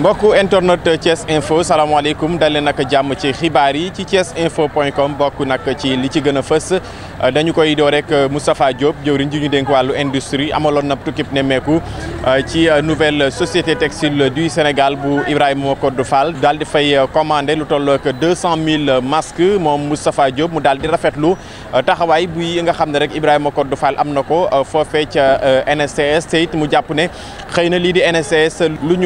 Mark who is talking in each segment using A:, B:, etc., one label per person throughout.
A: mbokku internet Thiès Info salaamaaleykum dal leen nag jàmm ci xibaar yi ci thiesinfo.com bokk nag ci li ci gën a fës dañu koy door rek euh, Moustapha Diop jëwriñ ji ñu dénk wàllu industrie amaloon na tukkib nemmeeku euh, ci euh, nouvelle société textile du Sénégal bu Ibrahima Makodou Fall di fay commandé lu toll ak 200000 masques moom Moustapha Diop mu daal di rafetlu taxawaay buy nga xam ne rek Ibrahima Makodou am na ko foofee ca NSTS te mu jàpp ne xëy na lii di NSTS lu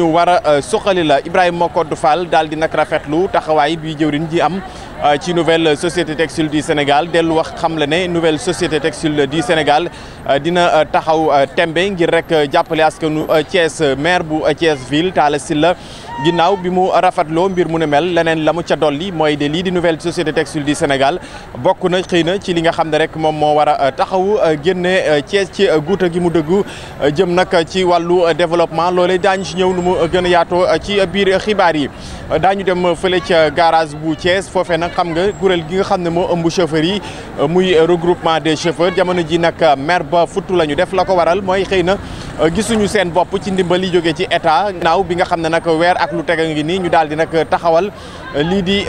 A: suqali la Ibrahima Kodou Fall daal di rafetlu taxawaay bi jëwriñ ji am Euh, ci nouvelle société textile du Sénégal dellu wax xam la ne nouvelle société textile du Sénégal euh, dina euh, taxaw tembe ngir rek jàppale nu Thiès maire bu Thiès ville Talla Sylla ginnaaw bi mu rafetloo mbir mu ne mel leneen la mu ca dolli mooy de lii di nouvelle société textile du Sénégal bokk na xëy na ci li nga xam ne rek moom moo war a taxaw génne Thiès ci guuta gi mu dëggu jëm nag ci wàllu développement loole daañu ci ñëw nu mu gën a yaatoo ci biir xibaar yi xam nga kuréel gi nga xam ne moo ëmb chauffeur yi euh, muy euh, regroupement des chauffeurs jamono ji nag euh, mer ba futtu la ñu def la ko waral mooy xëy na gisuñu seen bopp ci ndimbal yi jógee ci état naaw bi nga xam ne nag weer ak lu tega ngi nii ñu daal di nag taxawal lii di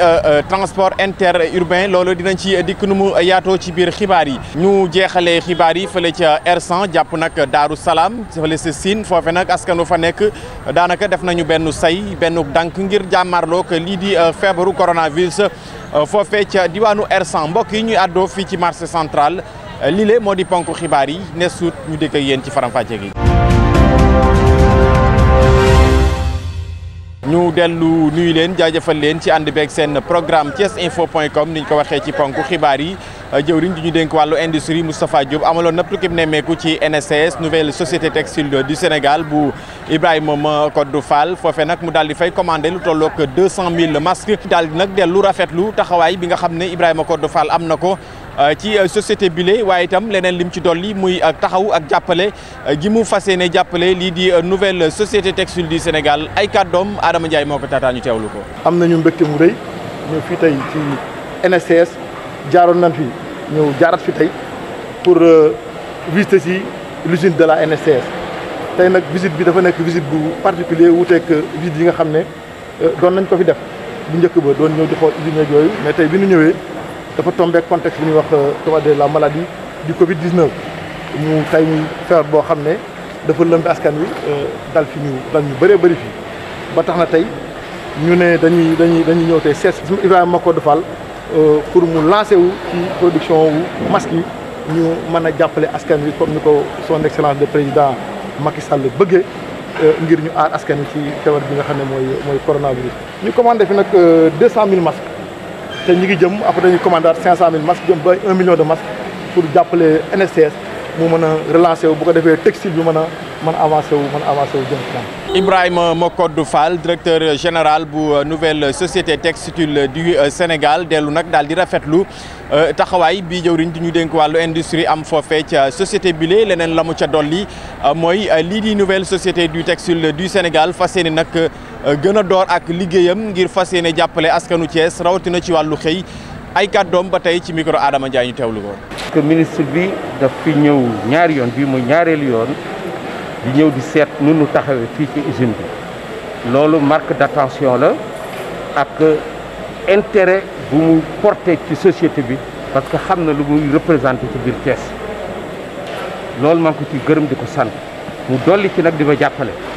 A: transport interurbain loolu dinañ ci dikk nu mu yaatoo ci biir xibaar yi ñu jeexalee xibaar yi fële ca R100 jàpp nag Daaru Salaam fële sa Sine foofe nag askan fa nekk daanaka def nañu benn say benn dànk ngir jàmmarloo lii di feebaru coronavirus Euh, foofee ca diwaanu r mbokk yi ñuy àddoo fii ci marché central lile moo di ponk xibaar yi ne suut ñu dëkk ak yéen ci faram-fàcce gi. ñu dellu nuyu leen jaajëfal leen ci ànd beek seen programme Thiès info point com ni ñu ko waxee ci ponk xibaar yi euh, jëwriñ di ñu dénk wàllu industrie Moustapha Diop amaloon na tukkib nemmeeku ci NSS nouvelle société textile du Sénégal bu Ibrahima Kodou Fall foofe nag mu daal di fay commandé lu tollook 200 000 masques daal di nag dellu rafetlu taxawaay bi nga xam ne Ibrahima Kodou Fall am na ko Euh, ci euh, société bile waaye itam leneen lim ci dolli muy euh, taxaw ak jàppale gi mu fas yéene jàppale lii di nouvelle société textile du Sénégal ay doom Adama Ndiaye moo ko taataa ñu teewlu ko.
B: am nañu mbégte mu rëy ñëw fii tey ci NSTS jaaroon nañ fi ñëw jaarat fi tey pour visiter si l'usine de la NSTS tey nag visite bi dafa nekk visite bu particulier wuuteeg visite yi nga xam ne doon nañ ko fi def bu njëkk ba doon ñëw di xool usine yooyu mais tey bi ñu ñëwee. dafa tombé contexte bi ñuy wax comment euh, dire la maladie di Covid 19 mu tey muy feebar boo xam ne dafa lëmbi askan wi euh, dal fi ñu dal ñu bëree bëri fii ba tax na tey ñu ne dañuy dañuy dañuy ñëw tey sees Ibrahima Macodou Fall euh, pour mu lancer wu ci production wu masque yi ñu mën a jàppale askan wi comme ni ko son excellence de président Macky Sall bëggee ngir ñu aar askan wi ci feebar bi nga xam ne mooy mooy coronavirus. ñu commandé fi nag 200000 masques. te ñu ngi jëm après dañuy commandé waat 500000 masques jëm ba 1 million de masques pour jàppale NSTS mu mën a relancer wu bu ko defee textile bi mën a mën a avancé wu mën a avancé wu jëm
A: Ibrahima Macodou Fall directeur général bu euh, nouvelle société textile du euh, Sénégal dellu nag daal di rafetlu euh, taxawaay bi jëwriñ di ñu dénk wàllu industrie am foofee ca société bile leneen la mu ca dolli mooy lii di nouvelle société du textile du Sénégal fas yéene nag. gën a door ak liggéeyam ngir fas yéene jàppale askanu Thiès rawatina ci wàllu xëy ay doom ba tey ci micro Adama Ndiaye ñu teewlu ko.
C: que ministre bi daf fi ñëw ñaari yoon bii mu ñaareelu yoon di ñëw di seet nu nu taxawee fii ci usine bi loolu marque d'attention la ak intérêt bu mu porté ci société bi parce que xam na lu muy représenté ci biir Thiès loolu man ngi ko ciy gërëm di ko sant mu dolli ci nag di ma jàppale.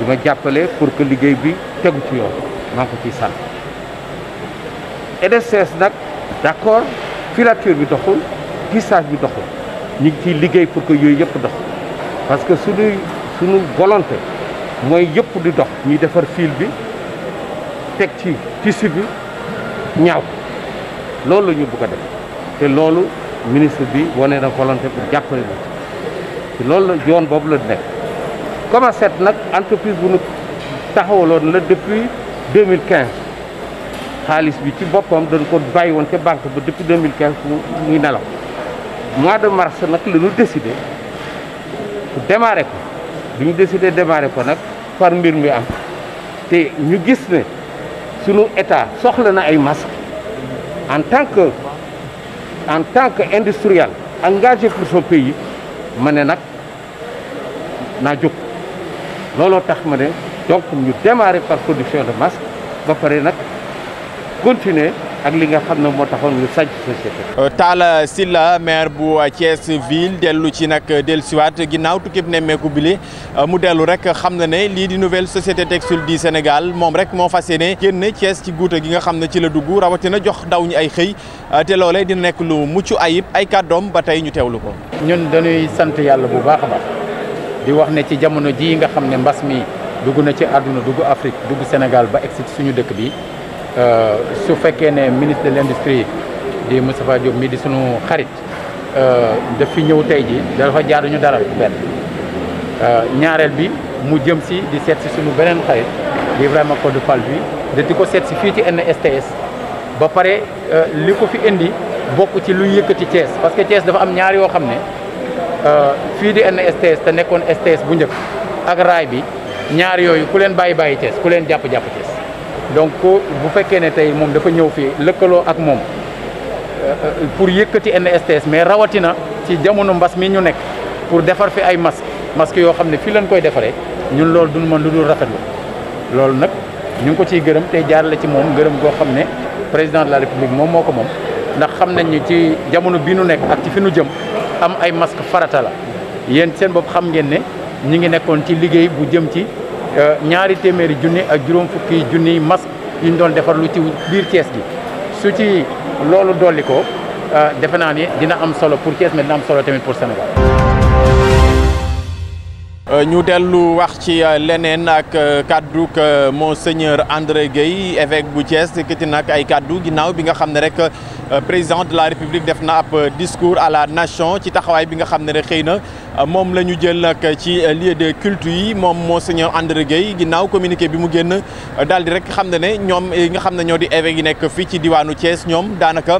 C: di ma jàppalee pour que liggéey bi tegu ci yoon maa ngi ko ciy sant NSS nag d'accord filature bi doxul gisage bi doxul ñu ngi ciy liggéey pour que yooyu yëpp dox parce que suñuy suñu volonté mooy yëpp di dox ñuy defar fil bi teg ci tissu bi ñaw loolu la ñu bëgg def te loolu ministre bi wane na volonté pour jàppale na loolu la yoon boobu la nekk Comaset nag entreprise bu nu taxawaloon la depuis 2015 xaalis bi ci boppam dañ ko bàyyi woon ca banque ba depuis 2015 mu ngi nelaw mois de mars nag la ñu décidé démarrer ko bi ñu décidé démarrer ko nag par mbir mi am te ñu gis ne sunu état soxla na ay masques en tant que en tant que industriel engagé pour son pays ma ne nag naa jóg. looloo tax ma ne donc ñu démarrer par production de
A: masque ba pare nag continuer ak li nga xam ne moo taxoon lu sànc société euh, Talla Sylla maire bu Thiès ville dellu ci nag dellusiwaat ginnaaw tukkib nemmeeku bi li euh, mu dellu rek xam na ne lii di nouvelle société textile du Sénégal moom rek moo fas yéene génn Thiès ci guuta gi nga xam ne ci la dugg rawatina jox ndaw ñu ay xëy euh, te loolee dina nekk lu mucc ayib ay kàddoom ba tey ñu teewlu ko
D: ñun dañuy sant yàlla bu baax a di wax ne ci jamono ji nga xam ne mbas mi dugg na ci àdduna dugg Afrique dugg Sénégal ba egsi suñu dëkk bi euh, su fekkee ne ministre de l'industrie di Moustapha Diop mi di suñu xarit euh, daf ñëw tey ji dafa jaar ñu dalal benn euh, ñaareel bi mu jëm si di seet si suñu beneen xarit di Ibrahima Codou Fall bi de di ko seet si fii ci NSTS ba pare li ko fi indi bokk ci lu yëkkati Thiès parce que Thiès dafa am ñaar yoo xam ne Euh, fii di NSTS te nekkoon STS bu njëkk ak raay bi ñaar yooyu ku leen bàyyi bàyyi Thiès ku leen jàpp jàpp Thiès donc bu fekkee ne tey moom dafa ñëw fii lëkkaloo ak moom
B: euh, euh,
D: pour yëkkati NSTS mais rawatina ci jamono mbas mi ñu nekk pour defar fi ay masque masque yoo xam ne fii lañ koy defaree ñun lool du mën lu dul rafetlu loolu nag ñu ngi ko ciy gërëm tey jaarale ci moom gërëm goo xam ne président de la république moom moo ko moom ndax xam nañ ni ci jamono bii nu nekk ci fi jëm. am ay masque farata la yéen seen bopp xam ngeen ne ñi ngi nekkoon ci liggéey bu jëm ci euh, ñaari téeméeri junni ak juróom fukki junni masque yu ñu doon defar lu ci biir Thiès bi su ci loolu dolli ko
A: euh, defe naa ni dina am solo pour Thiès mais dina am solo tamit pour Sénégal euh, ñu dellu wax ci leneen ak kàdduk monseigneur André Guèye évêque bu Thiès yëkkati nag ay kàddu ginnaaw bi nga xam ne rek Euh, président de la république def na ab euh, discours à la nation ci taxawaay bi nga xam ne rek xëy na euh, moom la ñu jël nag ci lieu de culte yi moom moo monseigneur André Guèye ginnaaw communiqué bi mu génn daal di rek xam ne ne ñoom nga xam ne ñoo di évêques yi nekk fii ci diwaanu Thiès ñoom daanaka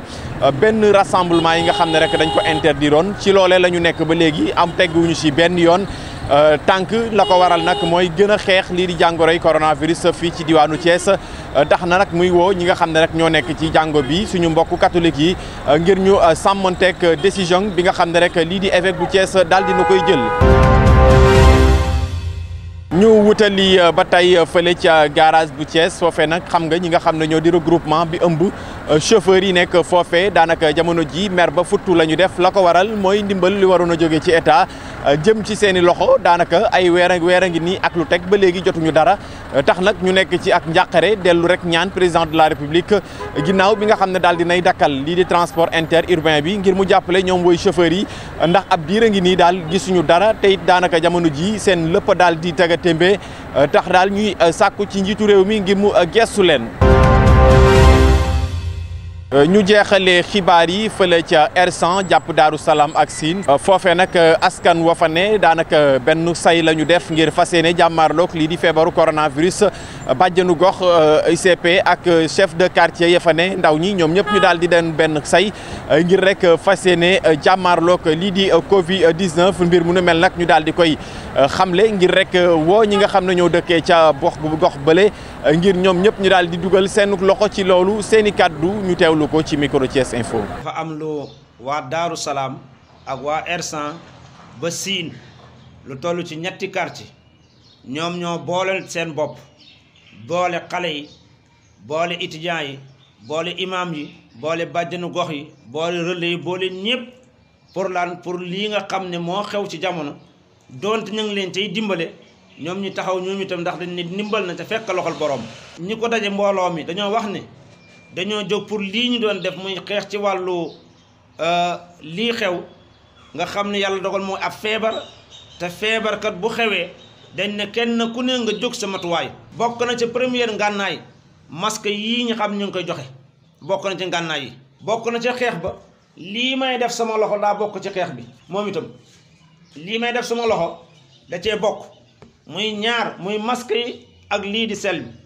A: benn rassemblement yi nga xam ne rek dañ ko interdiroon ci loole la ñu nekk ba léegi am tegguñu si benn yoon. Euh, tànk la ko waral nag mooy gën a xeex lii di jàngoroy coronavirus fii ci diwaanu Thiès euh, tax na nag muy woo ñi nga xam ne rek ñoo nekk ci jàngo bi suñu mbokk catholique yi euh, ngir ñu sàmmanteeg décision bi nga xam ne rek lii di évêque bu Thiès daal dina koy jël. ñu wutali euh, ba tey euh, fële ca garage bu Thiès foofee nag xam nga ñi nga xam ne ñoo di regroupement bi ëmb euh, chauffeurs yi nekk foofe daanaka jamono ji mer ba futtu la ñu def la ko waral mooy ndimbal li waroon a jóge ci état jëm ci seeni loxo daanaka ay weer ak weer a ngi nii ak lu teg ba léegi jotuñu dara tax nag ñu nekk ci ak njàqare dellu rek ñaan président de la république ginnaaw bi nga xam ne daal nay dakkal lii di transport inter urbain bi ngir mu jàppale ñoom woy yi ndax ab diir a ngi nii daal gisuñu dara te daanaka jamono ji seen lëpp daal di tegat tembe tax daal ñuy uh, sàkku ci njiitu réew mi ngi mu uh, geesu leen ñu jeexale xibaar yi fële ca r jàpp Daaru Salaam ak siin foofe nag askan wa fa ne daanaka benn say la ñu def ngir fas yéene jàmmaarloog lii di feebaru coronavirus bàjjanu gox euh, ICP ak chef de quartier ya fa ne ndaw ñi ñoom ñëpp ñu daal di den benn say euh, ngir rek fas yéene euh, jàmmaarloog lii di Covid 19 mbir mu nu mel nag ñu daal di koy xamle ngir rek woo ñi nga xam ne ñoo dëkkee ca gox gox bële ngir ñoom ñëpp ñu daal di dugal seen loxo ci loolu seeni i kàddu ñu teewlu. teewlu ci micro Thiès Info. dafa
C: am lu waa Daaru Salaam ak waa Ersan ba Siin lu toll ci ñetti quartier ñoom ñoo booleel seen bopp boole xale yi boole étudiants yi boole imaam yi boole bàjjenu gox yi boole relais yi boole ñëpp pour laan pour lii nga xam ne moo xew ci jamono donte ñu ngi leen ciy dimbale ñoom ñu taxaw ñoom itam ndax dañ ne ndimbal na ca fekk loxol borom. ñi ko daje mbooloo mi dañoo wax ne. dañoo jóg pour lii ñu doon def muy xeex ci wàllu euh, lii xew nga xam ne yàlla dogal mooy ab feebar te feebarkat bu xewee dañ ne kenn ku ne nga jóg sa matuwaay bokk na ci première ngànnaay masque yii ñu xam ñu ngi koy joxe bokk na ci ngànnaay yi bokk na ci xeex ba lii may def sama loxo daa bokk ci xeex bi moom itam lii may def sama loxo da cee bokk muy ñaar muy masque yi ak lii di sel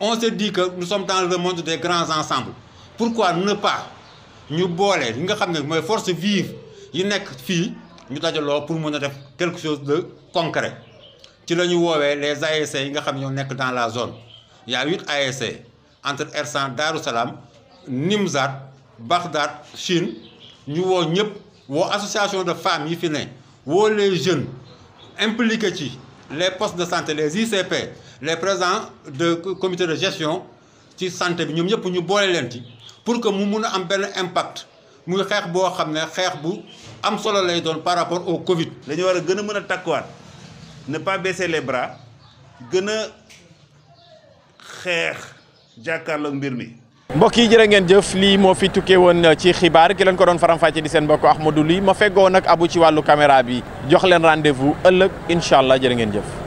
C: on se dit que nous sommes dans le monde des grands ensembles pourquoi ne ñu boole li nga xam ne mooy force vive yi nekk fii ñu dajaloo pour mën a def quelque chose de concret ci la ñu woowee les ASC yi nga xam ne ñoo nekk dans la zone y a huit ASC entre Ersan Darou Salam Nimzat Chine ñu woo ñëpp woo association de femmes yi fi ne woo les jeunes impliqué ci les postes de santé les ICP les présidents de comité de gestion ci santé bi ñoom ñëpp ñu boole leen ci pour que mu mun a am benn impact muy xeex boo xam ne xeex bu am solo lay doon par rapport au Covid. lañu war a gën a mën a takkuwaat ne pas baisser les bras gën a xeex jàkkaarloog mbir mi.
A: mbokk yi jërë ngeen jëf lii moo fi tukkee woon ci xibaar ki leen ko doon faram-fàccee di seen mbokk Ahmadou Ly ma feggoo nag abu ci wàllu caméra bi jox leen rendez-vous ëllëg
B: incha allah jërë ngeen jëf.